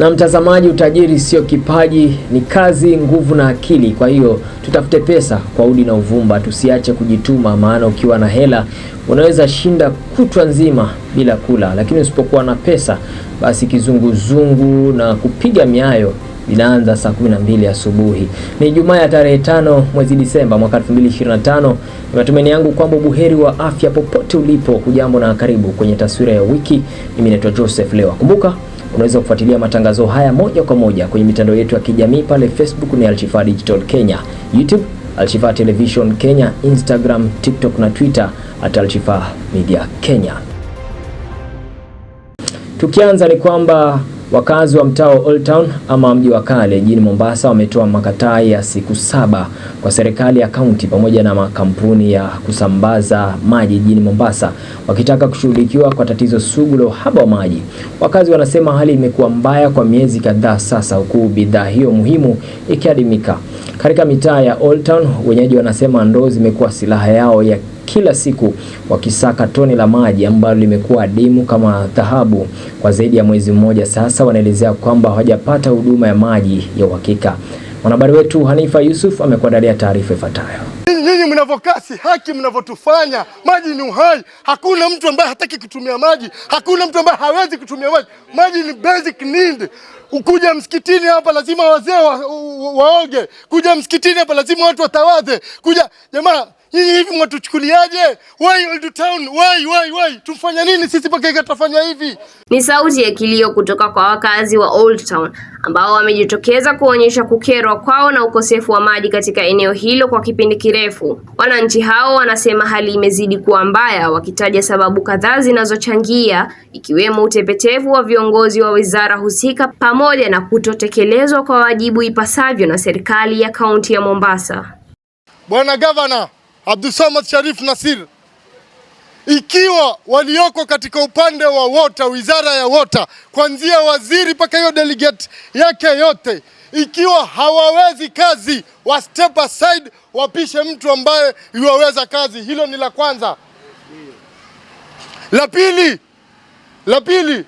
Na mtazamaji, utajiri sio kipaji, ni kazi, nguvu na akili. Kwa hiyo tutafute pesa kwa udi na uvumba, tusiache kujituma, maana ukiwa na hela unaweza shinda kutwa nzima bila kula, lakini usipokuwa na pesa, basi kizunguzungu na kupiga miayo inaanza saa 12 asubuhi. Ni Ijumaa ya tarehe tano mwezi Disemba mwaka 2025. Ni matumaini yangu kwamba buheri wa afya popote ulipo. Hujambo na karibu kwenye taswira ya wiki. Mimi naitwa Joseph Lewa. Kumbuka Unaweza kufuatilia matangazo haya moja kwa moja kwenye mitandao yetu ya kijamii pale Facebook ni Alshifa Digital Kenya, YouTube Alshifa Television Kenya, Instagram, TikTok na Twitter at Alshifa Media Kenya. Tukianza ni kwamba wakazi wa mtaa Old Town ama mji wa kale jijini Mombasa wametoa makataa ya siku saba kwa serikali ya kaunti pamoja na makampuni ya kusambaza maji jijini Mombasa wakitaka kushughulikiwa kwa tatizo sugu la uhaba wa maji. Wakazi wanasema hali imekuwa mbaya kwa miezi kadhaa sasa, huku bidhaa hiyo muhimu ikiadimika. Katika mitaa ya Old Town, wenyeji wanasema ndoo zimekuwa silaha yao ya kila siku wakisaka toni la maji ambalo limekuwa adimu kama dhahabu kwa zaidi ya mwezi mmoja sasa. Wanaelezea kwamba hawajapata huduma ya maji ya uhakika. Mwanahabari wetu Hanifa Yusuf amekuandalia taarifa ifuatayo. Nyinyi mnavyokasi haki mnavyotufanya, maji ni uhai. Hakuna mtu ambaye hataki kutumia maji, hakuna mtu ambaye hawezi kutumia maji. Maji ni basic need. Kuja msikitini hapa lazima wazee waoge, kuja msikitini hapa lazima watu watawadhe, kuja jamaa Nyinyi hivi mwatuchukuliaje? Why old town? Why why why? Tumfanya nini sisi mpaka ikatafanya hivi? Ni sauti ya kilio kutoka kwa wakazi wa Old Town ambao wamejitokeza kuonyesha kukerwa kwao na ukosefu wa maji katika eneo hilo kwa kipindi kirefu. Wananchi hao wanasema hali imezidi kuwa mbaya, wakitaja sababu kadhaa zinazochangia ikiwemo utepetevu wa viongozi wa wizara husika pamoja na kutotekelezwa kwa wajibu ipasavyo na serikali ya kaunti ya Mombasa. Bwana Governor, Abdusamad Sharif Nasir, ikiwa walioko katika upande wa wota, wizara ya wota, kuanzia waziri mpaka hiyo delegate yake yote, ikiwa hawawezi kazi, wa step aside, wapishe mtu ambaye yuwaweza kazi. Hilo ni la kwanza. La pili, la pili,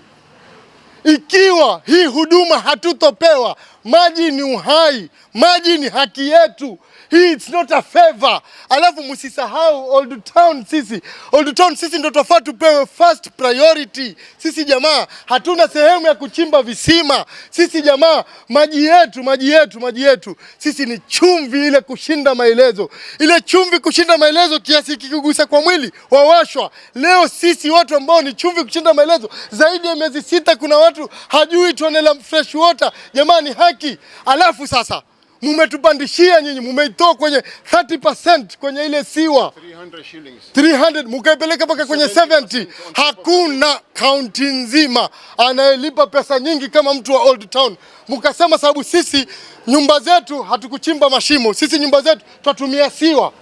ikiwa hii huduma hatutopewa, maji ni uhai, maji ni haki yetu. Hii it's not a favor. Alafu msisahau Old Town sisi. Old Town sisi ndo tofaa tupewe first priority. Sisi jamaa hatuna sehemu ya kuchimba visima. Sisi jamaa maji yetu, maji yetu, maji yetu. Sisi ni chumvi ile kushinda maelezo. Ile chumvi kushinda maelezo kiasi kikigusa kwa mwili wawashwa. Leo sisi watu ambao ni chumvi kushinda maelezo zaidi ya miezi sita kuna watu hajui tone la fresh water. Jamaa ni haki. Alafu sasa mumetupandishia nyinyi, mumeitoa kwenye 30% kwenye ile siwa 300 300 mukaipeleka mpaka kwenye 70. Hakuna kaunti nzima anayelipa pesa nyingi kama mtu wa Old Town. Mukasema sababu sisi nyumba zetu hatukuchimba mashimo, sisi nyumba zetu twatumia siwa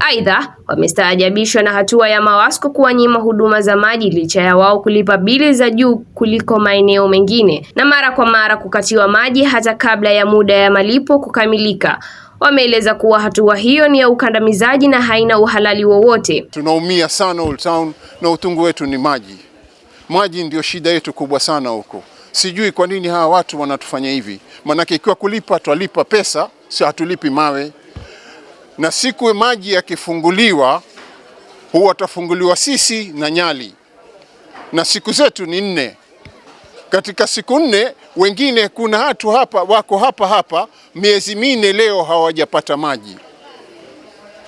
Aidha, wamestaajabishwa na hatua ya Mawasco kuwanyima huduma za maji licha ya wao kulipa bili za juu kuliko maeneo mengine na mara kwa mara kukatiwa maji hata kabla ya muda ya malipo kukamilika. Wameeleza kuwa hatua hiyo ni ya ukandamizaji na haina uhalali wowote. Tunaumia sana Old Town na utungu wetu ni maji. Maji ndio shida yetu kubwa sana huko. Sijui kwa nini hawa watu wanatufanya hivi, maanake ikiwa kulipa twalipa pesa, si hatulipi mawe na siku maji yakifunguliwa huwa tafunguliwa sisi na Nyali, na siku zetu ni nne. Katika siku nne, wengine kuna watu hapa wako hapa hapa miezi minne leo hawajapata maji.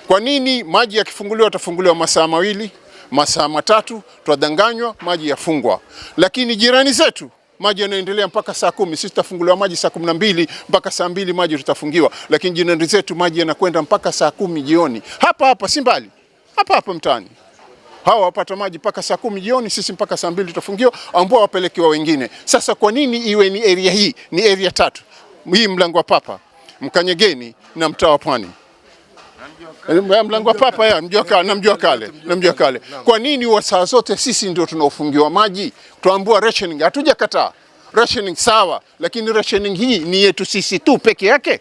Kwa nini? Maji yakifunguliwa tafunguliwa masaa mawili, masaa matatu, twadanganywa, maji yafungwa. Lakini jirani zetu maji yanaendelea mpaka saa kumi. Sisi tutafunguliwa maji saa kumi na mbili mpaka saa mbili maji tutafungiwa, lakini jirani zetu maji yanakwenda mpaka saa kumi jioni, hapa hapa si mbali, hapa hapa mtaani hawa wapata maji mpaka saa kumi jioni, sisi mpaka saa mbili tutafungiwa, ambao wapelekewa wengine. Sasa kwa nini iwe ni area hii? Ni area tatu hii, mlango wa Papa, Mkanyegeni na mtaa wa Pwani. Eh, mlango wa papa ya namjua kale namjua kale. Kwa nini wa saa zote sisi ndio tunaofungiwa maji? Tuambua rationing, hatuja kataa rationing sawa, lakini rationing hii ni yetu sisi tu peke yake.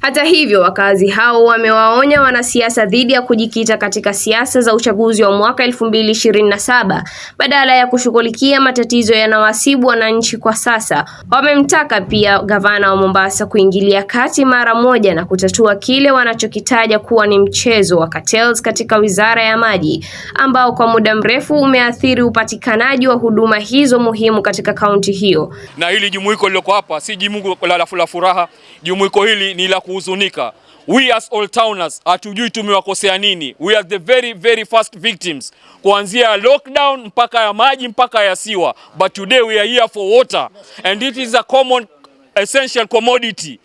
Hata hivyo, wakazi hao wamewaonya wanasiasa dhidi ya kujikita katika siasa za uchaguzi wa mwaka elfu ishirini na saba badala ya kushughulikia matatizo yanawasibu wananchi kwa sasa. Wamemtaka pia gavana wa Mombasa kuingilia kati mara moja na kutatua kile wanachokitaja kuwa ni mchezo wa cartels katika wizara ya maji ambao kwa muda mrefu umeathiri upatikanaji wa huduma hizo muhimu katika kaunti hiyo. Na hili jumuiko liloko hapa si jumuiko la furaha, jumuiko hili ni la kuhuzunika. We as all Towners hatujui tumewakosea nini. We are the very very first victims, kuanzia ya lockdown mpaka ya maji mpaka ya siwa, but today we are here for water and it is a common essential commodity.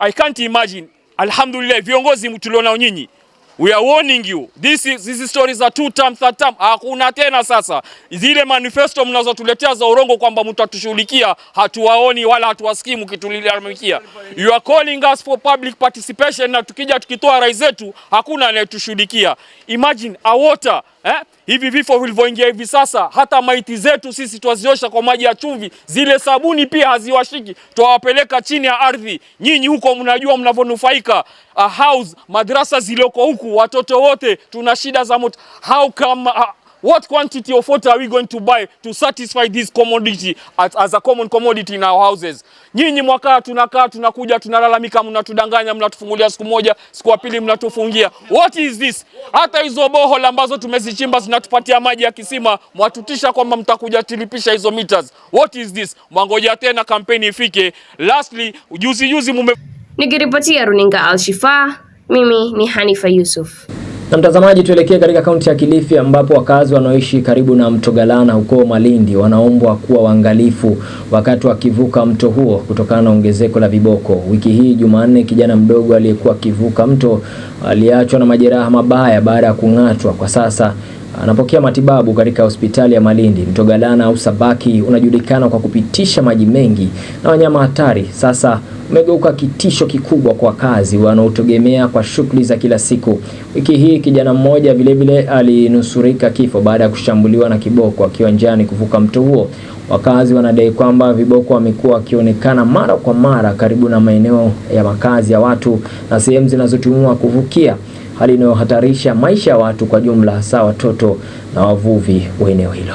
I can't imagine. Alhamdulillah, viongozi tulionao nyinyi We are warning you. This is, this is stories za two term, third term. Hakuna tena sasa zile manifesto mnazotuletea za urongo kwamba mtatushughulikia, hatuwaoni wala hatuwasikii mkitulalamikia. You are calling us for public participation na tukija tukitoa rai zetu hakuna anayetushughulikia. Imagine a water, eh? hivi vifo vilivyoingia hivi sasa, hata maiti zetu sisi twaziosha kwa maji ya chumvi, zile sabuni pia haziwashiki, twawapeleka chini ya ardhi. Nyinyi huko mnajua mnavyonufaika. A ah, house madrasa zilioko huku, watoto wote tuna shida za moto. How come, uh, What quantity of water are we going to buy to satisfy this commodity as, as a common commodity in our houses? Nyinyi mwakaa tunakaa tunakuja tunalalamika, mnatudanganya, mnatufungulia siku moja, siku ya pili mnatufungia. What is this? Hata hizo bohol ambazo tumezichimba zinatupatia maji ya kisima, mwatutisha kwamba mtakuja tilipisha hizo meters. What is this? Mwangoja tena kampeni ifike. Lastly, juzi juzi mume... Nikiripotia runinga Alshifa, mimi ni Hanifa Yusuf. Na mtazamaji, tuelekee katika kaunti ya Kilifi ambapo wakazi wanaoishi karibu na mto Galana huko Malindi wanaombwa kuwa waangalifu wakati wakivuka mto huo kutokana na ongezeko la viboko. Wiki hii Jumanne, kijana mdogo aliyekuwa akivuka mto aliachwa na majeraha mabaya baada ya kung'atwa. Kwa sasa anapokea matibabu katika hospitali ya Malindi. Mtogalana au sabaki unajulikana kwa kupitisha maji mengi na wanyama hatari, sasa umegeuka kitisho kikubwa kwa wakazi wanaotegemea kwa shughuli za kila siku. Wiki hii kijana mmoja vilevile alinusurika kifo baada ya kushambuliwa na kiboko akiwa njiani kuvuka mto huo. Wakazi wanadai kwamba viboko wamekuwa wakionekana mara kwa mara karibu na maeneo ya makazi ya watu na sehemu zinazotumiwa kuvukia hali inayohatarisha maisha ya watu kwa jumla, hasa watoto na wavuvi wa eneo hilo.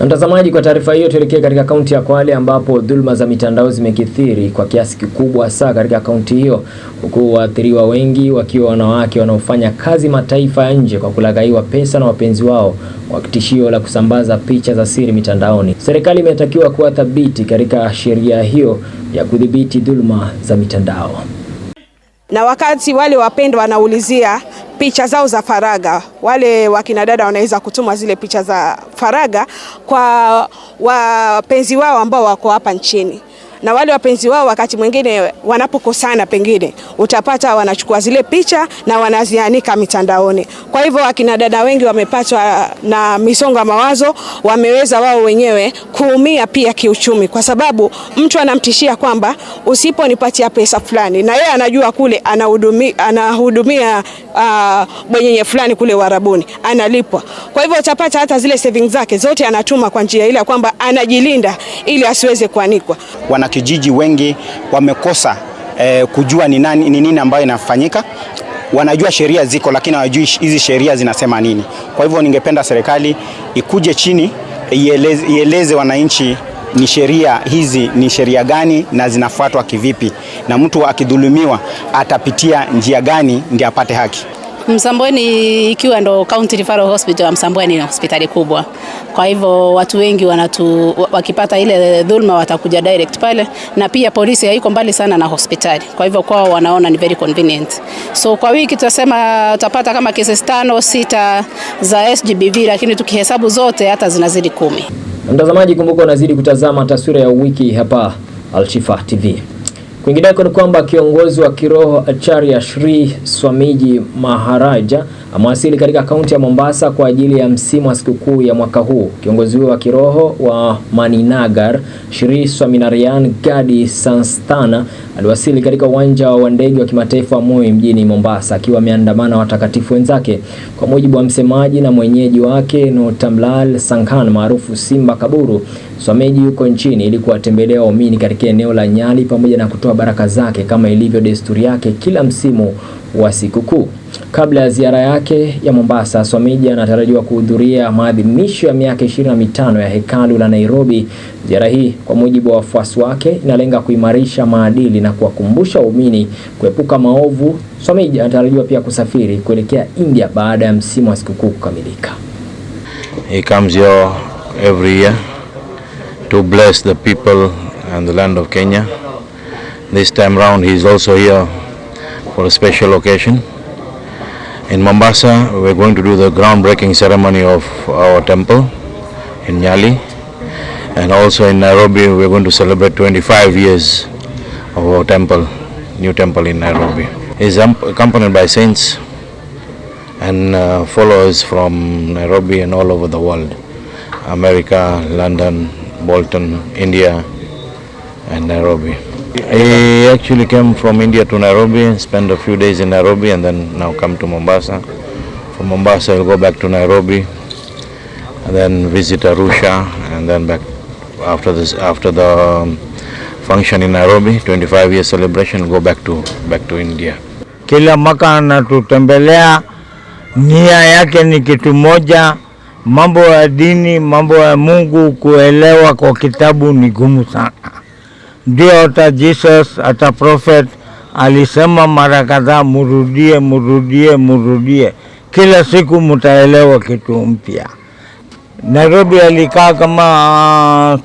Na mtazamaji, kwa taarifa hiyo tuelekee katika kaunti ya Kwale ambapo dhuluma za mitandao zimekithiri kwa kiasi kikubwa, hasa katika kaunti hiyo, huku waathiriwa wengi wakiwa wanawake wanaofanya kazi mataifa ya nje kwa kulaghaiwa pesa na wapenzi wao kwa tishio la kusambaza picha za siri mitandaoni. Serikali imetakiwa kuwa thabiti katika sheria hiyo ya kudhibiti dhuluma za mitandao na wakati wale wapendwa wanaulizia picha zao za faraga, wale wakina dada wanaweza kutuma zile picha za faraga kwa wapenzi wao ambao wako hapa nchini na wale wapenzi wao wakati mwingine wanapokosana, pengine utapata wanachukua zile picha na wanazianika mitandaoni. Kwa hivyo akina dada wengi wamepatwa na misongo ya mawazo, wameweza wao wenyewe kuumia pia kiuchumi, kwa sababu mtu anamtishia kwamba usiponipatia pesa fulani, na yeye anajua kule anahudumia, anahudumia uh, fulani kule Warabuni analipwa. Kwa hivyo utapata hata zile savings zake zote anatuma kwa njia ile kwamba anajilinda ili asiweze kuanikwa Wana wanakijiji wengi wamekosa eh, kujua ni nani, ni nini ambayo inafanyika. Wanajua sheria ziko, lakini hawajui hizi sheria zinasema nini. Kwa hivyo ningependa serikali ikuje chini ieleze, ieleze wananchi ni sheria hizi ni sheria gani na zinafuatwa kivipi, na mtu akidhulumiwa atapitia njia gani ndio apate haki. Msambweni ikiwa ndo County Referral Hospital, Msambweni ni hospitali kubwa, kwa hivyo watu wengi wanatu, wakipata ile dhulma watakuja direct pale, na pia polisi haiko mbali sana na hospitali, kwa hivyo kwao wanaona ni very convenient. So kwa wiki tutasema utapata kama kesi tano sita za SGBV, lakini tukihesabu zote hata zinazidi kumi. Mtazamaji, kumbuka unazidi kutazama taswira ya wiki hapa Alshifa TV. Kwingineko ni kwamba kiongozi wa kiroho Acharya Shri Swamiji Maharaja amewasili katika kaunti ya Mombasa kwa ajili ya msimu wa sikukuu ya mwaka huu. Kiongozi huyo wa kiroho wa Maninagar, Shri Swaminarayan Gadi Sanstana aliwasili katika uwanja wa ndege wa kimataifa wa Moi mjini Mombasa akiwa ameandamana watakatifu wenzake. Kwa mujibu wa msemaji na mwenyeji wake Notamlal Sankhan maarufu Simba Kaburu, Swamiji yuko nchini ili kuwatembelea waumini katika eneo la Nyali pamoja na kutoa kutoa baraka zake kama ilivyo desturi yake kila msimu wa sikukuu. Kabla ya ziara yake ya Mombasa, Swamiji anatarajiwa kuhudhuria maadhimisho ya miaka 25 ya hekalu la Nairobi. Ziara hii, kwa mujibu wa wafuasi wake, inalenga kuimarisha maadili na kuwakumbusha waumini kuepuka maovu. Swamiji anatarajiwa pia kusafiri kuelekea India baada ya msimu wa sikukuu kukamilika. He comes here every year to bless the people and the land of Kenya. This time round he is also here for a special occasion. In Mombasa, we're going to do the groundbreaking ceremony of our temple in Nyali. And also in Nairobi, we're going to celebrate 25 years of our temple, new temple in Nairobi. He's accompanied by saints and uh, followers from Nairobi and all over the world. America, London, Bolton, India and Nairobi. I actually came from India to Nairobi, spent a few days in Nairobi and then now come to Mombasa. From Mombasa I'll go back to Nairobi and then visit Arusha and then back after this after the um, function in Nairobi 25 year celebration go back to back to India. Kila mwaka anatutembelea, nia yake ni kitu moja, mambo ya dini, mambo ya Mungu, kuelewa kwa kitabu ni gumu sana ndio hata Jesus hata prophet alisema mara kadhaa, murudie, murudie, murudie, kila siku mtaelewa kitu mpya. Nairobi alikaa kama uh,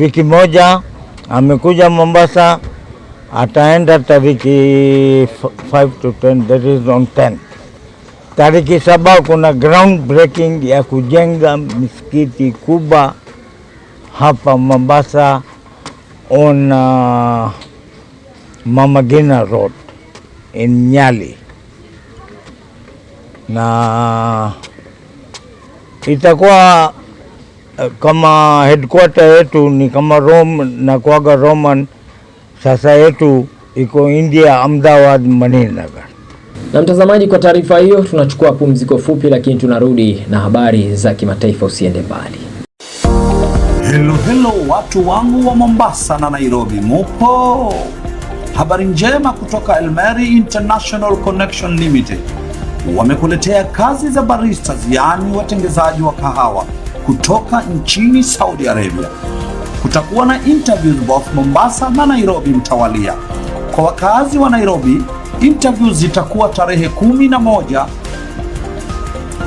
wiki moja, amekuja Mombasa, ataenda tariki 5 to 10, that is on 10 tariki saba kuna ground breaking ya kujenga misikiti kubwa hapa Mombasa on uh, Mamagina Road in Nyali na itakuwa uh, kama headquarter yetu ni kama Rome na kuaga Roman. Sasa yetu iko India, Ahmedabad, Maninagar. Na mtazamaji, kwa taarifa hiyo tunachukua pumziko fupi, lakini tunarudi na habari za kimataifa. Usiende mbali. Hello, hello watu wangu wa Mombasa na Nairobi, mupo? Habari njema kutoka Elmeri International Connection Limited wamekuletea kazi za baristas, yaani watengezaji wa kahawa kutoka nchini Saudi Arabia. Kutakuwa na interviews both Mombasa na Nairobi mtawalia. Kwa wakazi wa Nairobi, interviews zitakuwa tarehe kumi na moja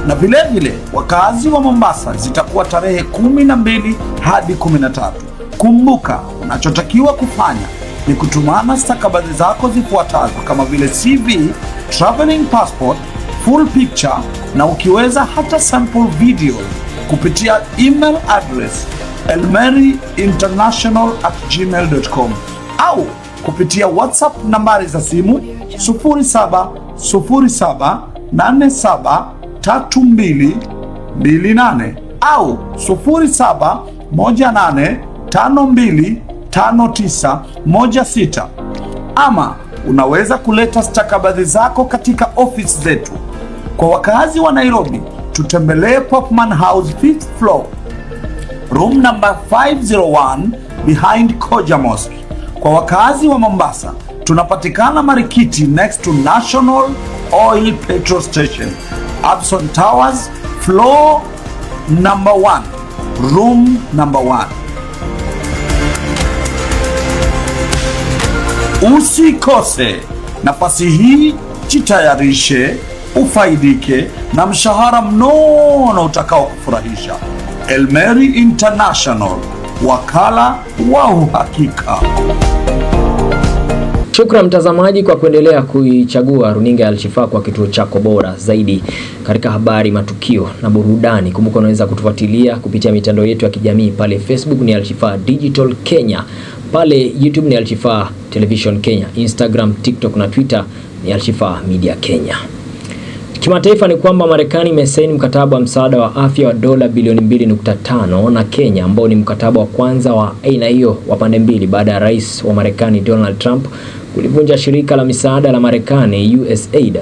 na vilevile wakazi wa Mombasa zitakuwa tarehe 12 hadi 13. Kumbuka, unachotakiwa kufanya ni kutumana stakabadhi zako zifuatazo kama vile CV, traveling passport, full picture na ukiweza hata sample video kupitia email address elmeriinternational@gmail.com au kupitia WhatsApp nambari za simu 0707 87 nane au sita ama unaweza kuleta stakabadhi zako katika ofisi zetu. Kwa wakazi wa Nairobi, tutembelee Popman House fifth floor room number 501 behind Koja Mosque. Kwa wakazi wa Mombasa, tunapatikana Marikiti next to National Oil Petrol Station. Abson Towers floor number 1 room number 1. Usikose nafasi hii, jitayarishe ufaidike na mshahara mnono utakao kufurahisha. Elmeri International, wakala wa uhakika. Shukrani mtazamaji kwa kuendelea kuichagua runinga ya Alshifa kwa kituo chako bora zaidi katika habari, matukio na burudani. Kumbuka unaweza kutufuatilia kupitia mitandao yetu ya kijamii pale Facebook ni Alshifa Digital Kenya, pale YouTube ni Alshifa Television Kenya, Instagram, TikTok na Twitter ni Alshifa Media Kenya. Kimataifa ni kwamba Marekani imesaini mkataba wa msaada wa afya wa dola bilioni 2.5 na Kenya ambao ni mkataba wa kwanza wa aina hiyo wa pande mbili baada ya Rais wa Marekani Donald Trump kulivunja shirika la misaada la Marekani USAID.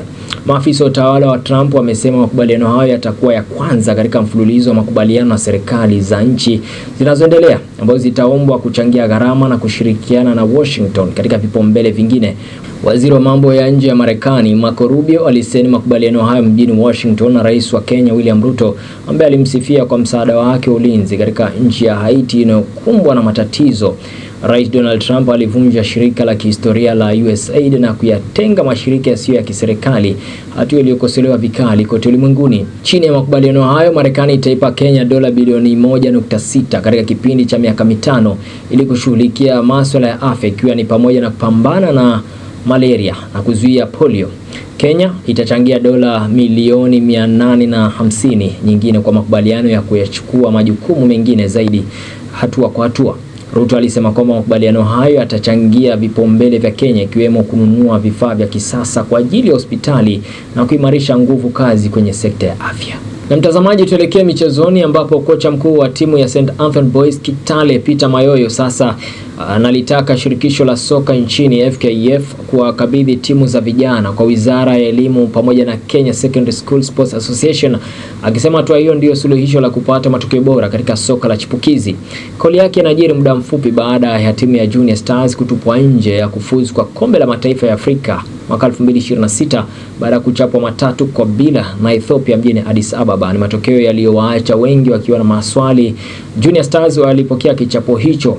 Maafisa wa utawala wa Trump wamesema makubaliano hayo yatakuwa ya kwanza katika mfululizo wa makubaliano na serikali za nchi zinazoendelea ambazo zitaombwa kuchangia gharama na kushirikiana na Washington katika vipaumbele vingine. Waziri wa mambo ya nje ya Marekani Marco Rubio alisaini makubaliano hayo mjini Washington na Rais wa Kenya William Ruto ambaye alimsifia kwa msaada wake wa ulinzi katika nchi ya Haiti inayokumbwa na matatizo. Rais Donald Trump alivunja shirika la kihistoria la USAID na kuyatenga mashirika yasiyo ya kiserikali, hatua iliyokosolewa vikali kote ulimwenguni. Chini ya makubaliano hayo, Marekani itaipa Kenya dola bilioni 1.6 katika kipindi cha miaka mitano ili kushughulikia masuala ya afya, ikiwa ni pamoja na kupambana na malaria na kuzuia polio. Kenya itachangia dola milioni 850 nyingine kwa makubaliano ya kuyachukua majukumu mengine zaidi hatua kwa hatua. Ruto alisema kwamba makubaliano hayo yatachangia vipaumbele vya Kenya ikiwemo kununua vifaa vya kisasa kwa ajili ya hospitali na kuimarisha nguvu kazi kwenye sekta ya afya. Na mtazamaji, tuelekee michezoni ambapo kocha mkuu wa timu ya St Anthony Boys Kitale Peter Mayoyo sasa analitaka shirikisho la soka nchini FKF kuwakabidhi timu za vijana kwa Wizara ya Elimu pamoja na Kenya Secondary School Sports Association, akisema hatua hiyo ndiyo suluhisho la kupata matokeo bora katika soka la chipukizi. Kauli yake inajiri muda mfupi baada ya timu ya Junior Stars kutupwa nje ya kufuzu kwa Kombe la Mataifa ya Afrika mwaka 2026 baada ya kuchapwa matatu kwa bila na Ethiopia mjini Addis Ababa. Ni matokeo yaliyowaacha wengi wakiwa na maswali. Junior Stars walipokea kichapo hicho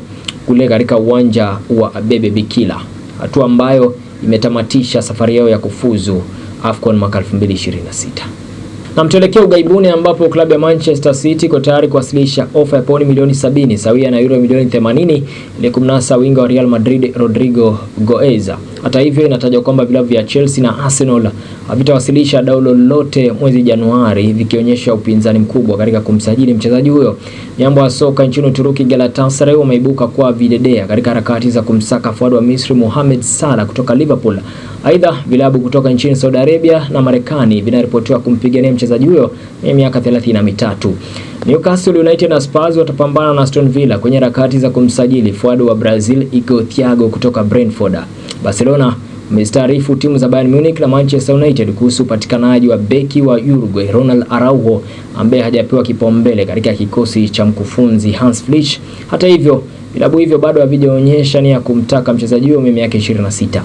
kule katika uwanja wa Abebe Bikila, hatua ambayo imetamatisha safari yao ya kufuzu AFCON mwaka 2026. Na mtuelekea ugaibuni ambapo klabu ya Manchester City iko tayari kuwasilisha ofa ya pauni milioni 70 sawia na euro milioni 80 ili kumnasa winga wa Real Madrid Rodrigo Goeza. Hata hivyo, inatajwa kwamba vilabu vya Chelsea na Arsenal havitawasilisha dau lolote mwezi Januari, vikionyesha upinzani mkubwa katika kumsajili mchezaji huyo. Jambo wa soka nchini Uturuki Galatasaray wameibuka kwa videdea katika harakati za kumsaka fuadi wa Misri Mohamed Salah kutoka Liverpool. Aidha, vilabu kutoka nchini Saudi Arabia na Marekani vinaripotiwa kumpigania mchezaji huyo mwenye miaka thelathini na mitatu. Newcastle United na Spurs watapambana na Aston Villa kwenye harakati za kumsajili fuadi wa Brazil Igor Thiago kutoka Brentford. Barcelona amezitaarifu timu za Bayern Munich na Manchester United kuhusu upatikanaji wa beki wa Uruguay Ronald Araujo ambaye hajapewa kipaumbele katika kikosi cha mkufunzi Hans Flick. Hata hivyo, vilabu hivyo bado havijaonyesha nia ya kumtaka mchezaji huyo mwenye miaka 26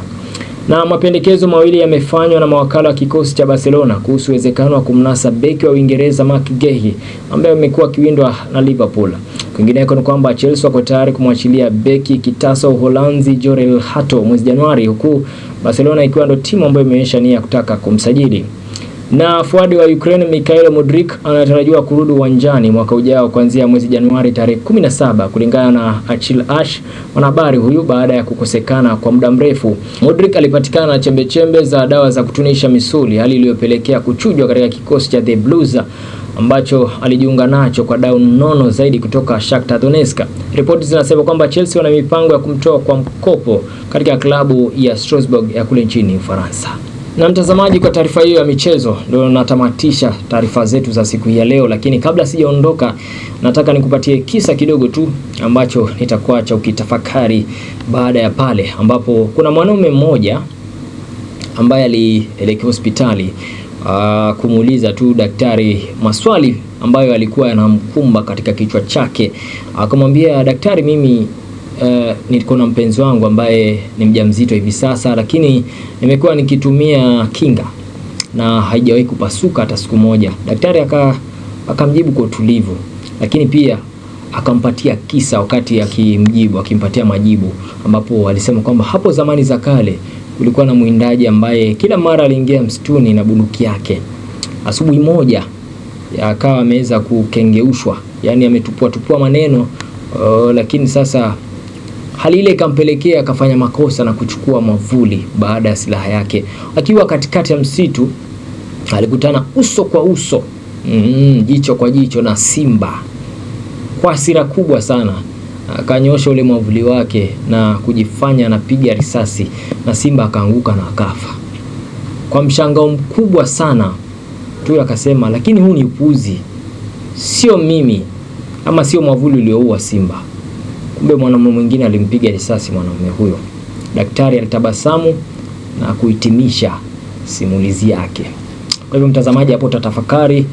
na mapendekezo mawili yamefanywa na mawakala wa kikosi cha Barcelona kuhusu uwezekano wa kumnasa beki wa Uingereza Mark gehi ambaye amekuwa akiwindwa na Liverpool. Kwingineko ni kwamba Chelsea wako tayari kumwachilia beki kitasa Uholanzi Jorel Hato mwezi Januari, huku Barcelona ikiwa ndo timu ambayo imeonyesha nia ya kutaka kumsajili. Na fuadi wa Ukraine Mikhail Mudrik anatarajiwa kurudi uwanjani mwaka ujao kuanzia mwezi Januari tarehe 17 kulingana na Achil Ash, mwanahabari huyu, baada ya kukosekana kwa muda mrefu. Mudrik alipatikana na chembe chembe za dawa za kutunisha misuli, hali iliyopelekea kuchujwa katika kikosi cha The Blues ambacho alijiunga nacho kwa dau nono zaidi kutoka Shakhtar Donetsk. Ripoti zinasema kwamba Chelsea wana mipango ya kumtoa kwa mkopo katika klabu ya Strasbourg ya kule nchini Ufaransa. Na mtazamaji, kwa taarifa hiyo ya michezo ndio natamatisha taarifa zetu za siku hii ya leo, lakini kabla sijaondoka, nataka nikupatie kisa kidogo tu ambacho nitakuacha ukitafakari baada ya pale, ambapo kuna mwanaume mmoja ambaye alielekea hospitali uh, kumuuliza tu daktari maswali ambayo alikuwa yanamkumba katika kichwa chake. Akamwambia daktari, mimi uh, eh, niko na mpenzi wangu ambaye ni mjamzito hivi sasa, lakini nimekuwa nikitumia kinga na haijawahi kupasuka hata siku moja. Daktari aka akamjibu kwa utulivu, lakini pia akampatia kisa wakati akimjibu, akimpatia majibu ambapo alisema kwamba hapo zamani za kale kulikuwa na mwindaji ambaye kila mara aliingia msituni na bunduki yake. Asubuhi moja akawa ameweza kukengeushwa, yani ametupua tupua maneno uh, lakini sasa hali ile ikampelekea akafanya makosa na kuchukua mavuli baada ya silaha yake. Akiwa katikati ya msitu alikutana uso kwa uso mm, jicho kwa jicho na simba kwa hasira kubwa sana akanyosha ule mwavuli wake na kujifanya anapiga risasi na simba akaanguka na akafa. Kwa mshangao mkubwa sana, Tuyo akasema, lakini huu ni upuzi, sio mimi ama sio mwavuli ulioua simba. Kumbe mwanamume mwingine alimpiga risasi mwanamume huyo. Daktari alitabasamu na kuhitimisha simulizi yake. Kwa hivyo, mtazamaji, hapo utatafakari,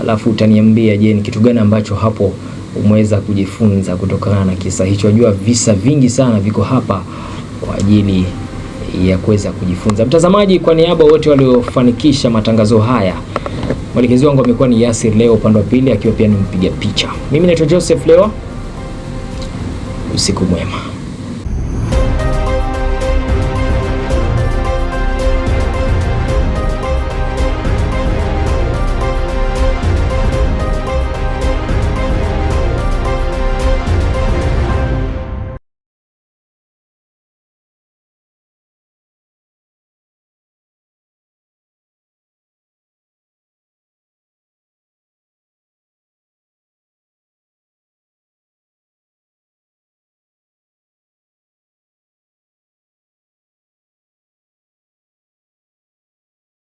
alafu utaniambia, je, ni kitu gani ambacho hapo umeweza kujifunza kutokana na kisa hicho. Najua visa vingi sana viko hapa kwa ajili ya kuweza kujifunza. Mtazamaji, kwa niaba wote waliofanikisha matangazo haya, mwelekezi wangu amekuwa ni Yasir Leo, upande wa pili akiwa pia ni mpiga picha. Mimi naitwa Joseph Leo, usiku mwema.